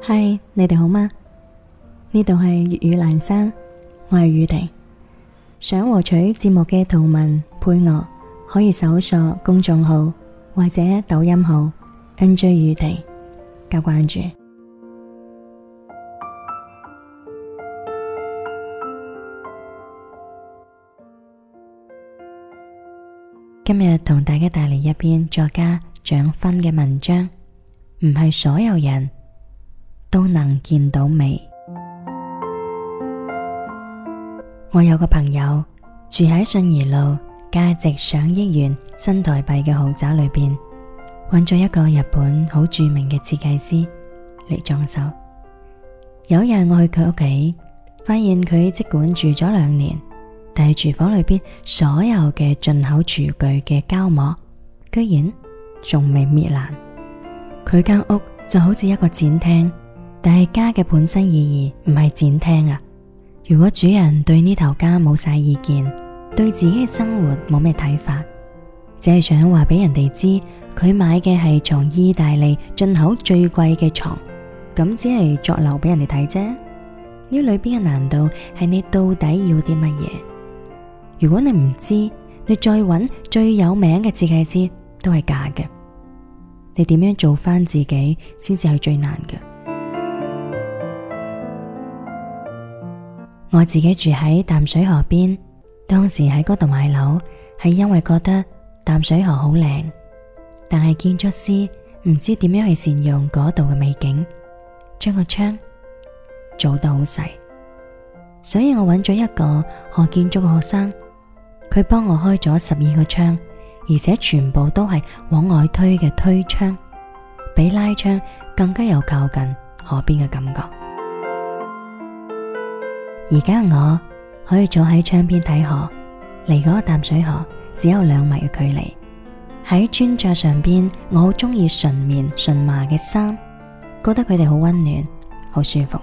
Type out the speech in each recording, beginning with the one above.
嗨，你哋好嗎？呢度係粵語闌珊，我係宇婷。想獲取節目嘅圖文配樂，可以搜索公眾號或者抖音號 NJ 宇婷加關注。今日同大家帶嚟一篇作家蔣勳嘅文章，唔係所有人，都能見到美。我有個朋友住喺信義路，價值上億元新台幣嘅豪宅裏邊，揾咗一個日本好著名嘅設計師嚟裝修。有一日我去佢屋企，發現佢即管住咗兩年，但係廚房裏邊所有嘅進口廚具嘅膠膜，居然仲未搣爛。佢間屋就好似一個展廳，但係家嘅本身意義唔係展廳啊。如果主人對呢頭家冇晒意見，對自己嘅生活冇咩睇法，只係想話俾人哋知佢買嘅係從意大利進口最貴嘅床，咁只係作假俾人哋睇啫。呢裏邊嘅難度係你到底要啲乜嘢？如果你唔知，你再搵最有名嘅設計師都係假嘅。你點樣做返自己先至係最難嘅？我自己住喺淡水河邊，當時喺嗰度買樓係因為覺得淡水河好靚，但係建築師唔知點樣去善用嗰度嘅美景，將個窗做到好細，所以我揾咗一個學建築嘅學生，佢幫我開咗十二個窗，而且全部都係往外推嘅推窗，比拉窗更加有靠近河邊嘅感覺。而家我可以坐喺窗邊睇河，離嗰個淡水河只有兩米嘅距離。喺穿着上邊，我好中意純棉純麻嘅衫，覺得佢哋好溫暖、好舒服。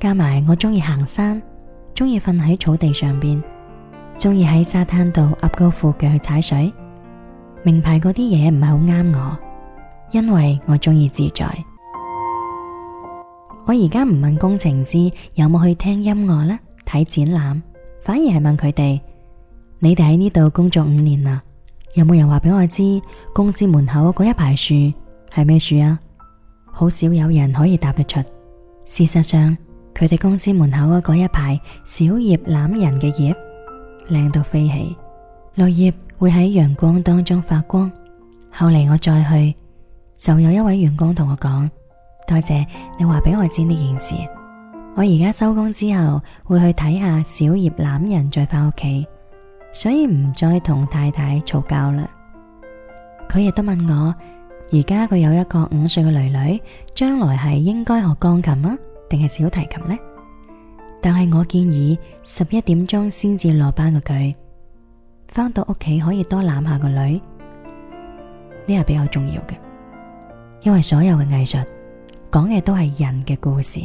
加埋我中意行山，中意瞓喺草地上邊，中意喺沙灘度揼高褲腳去踩水。名牌嗰啲嘢唔係好啱我，因為我中意自在。我而家唔問工程師有冇去聽音樂啦，睇展覽，反而係問佢哋：你哋喺呢度工作五年啦，有冇人話俾我知公司門口嗰一排樹係咩樹啊？好少有人可以答得出。事實上，佢哋公司門口嗰一排小葉欖仁嘅葉，靚到飛起，落葉會喺陽光當中發光。後嚟我再去，就有一位員工同我講。多謝你話俾我知呢件事，我而家收工之後會去睇下小葉欖仁再翻屋企，所以唔再同太太嘈交啦。佢亦都問我，而家佢有一個五歲嘅女女，將來係應該學鋼琴啊，定係小提琴呢？但係我建議十一點鐘先至落班嘅佢，翻到屋企可以多攬下個女，呢係比較重要嘅，因為所有嘅藝術。講嘅都係人嘅故事。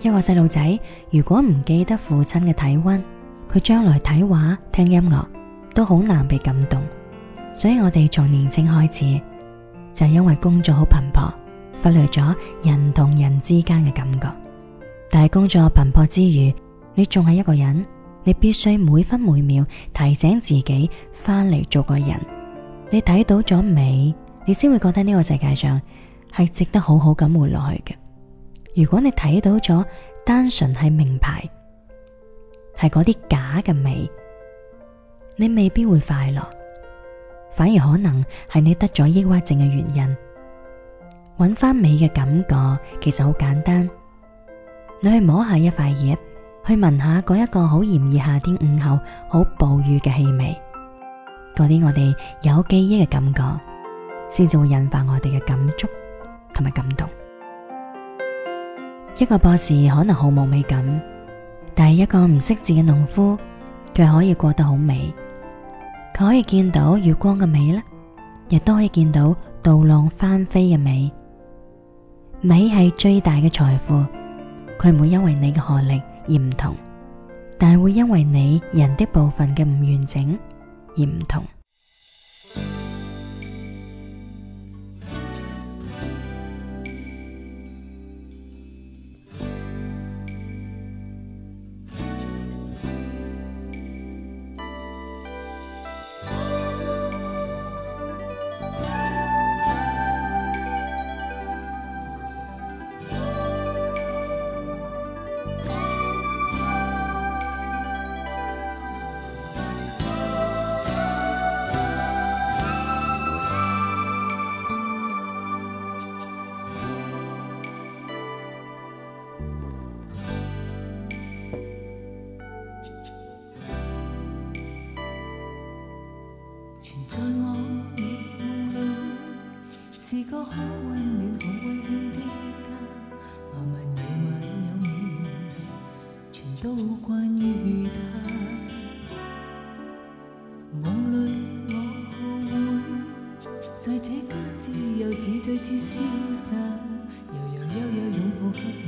一個細路仔如果唔記得父親嘅體溫，佢將來睇畫、聽音樂都好難被感動。所以我哋從年青開始就因為工作好頻撲，忽略咗人同人之間嘅感覺。但係工作頻撲之餘，你仲係一個人，你必須每分每秒提醒自己翻嚟做個人。你睇到咗美，你先會覺得呢個世界上係值得好好咁活落去嘅。如果你睇到咗單純係名牌，係嗰啲假嘅美，你未必會快樂，反而可能係你得咗抑鬱症嘅原因。揾翻美嘅感覺其實好簡單，你去摸下一塊葉，去聞下嗰一個好炎熱夏天午後好暴雨嘅氣味，嗰啲我哋有記憶嘅感覺，先至會引發我哋嘅感觸同埋感動。一個博士可能好冇美感，但係一個唔識字嘅農夫佢可以過得好美。佢可以見到月光嘅美咧，亦都可以見到渡浪翻飛嘅美。美係最大嘅財富，佢唔會因為你嘅學歷而唔同，但係會因為你人的部分嘅唔完整而唔同。在我美夢裏，是個好溫暖、好溫馨的家。漫漫夜晚有你，全都關於他。夢裏我會在這家自由自在、自瀟灑，悠悠悠悠抱抱，擁抱。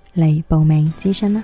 嚟報名諮詢啦！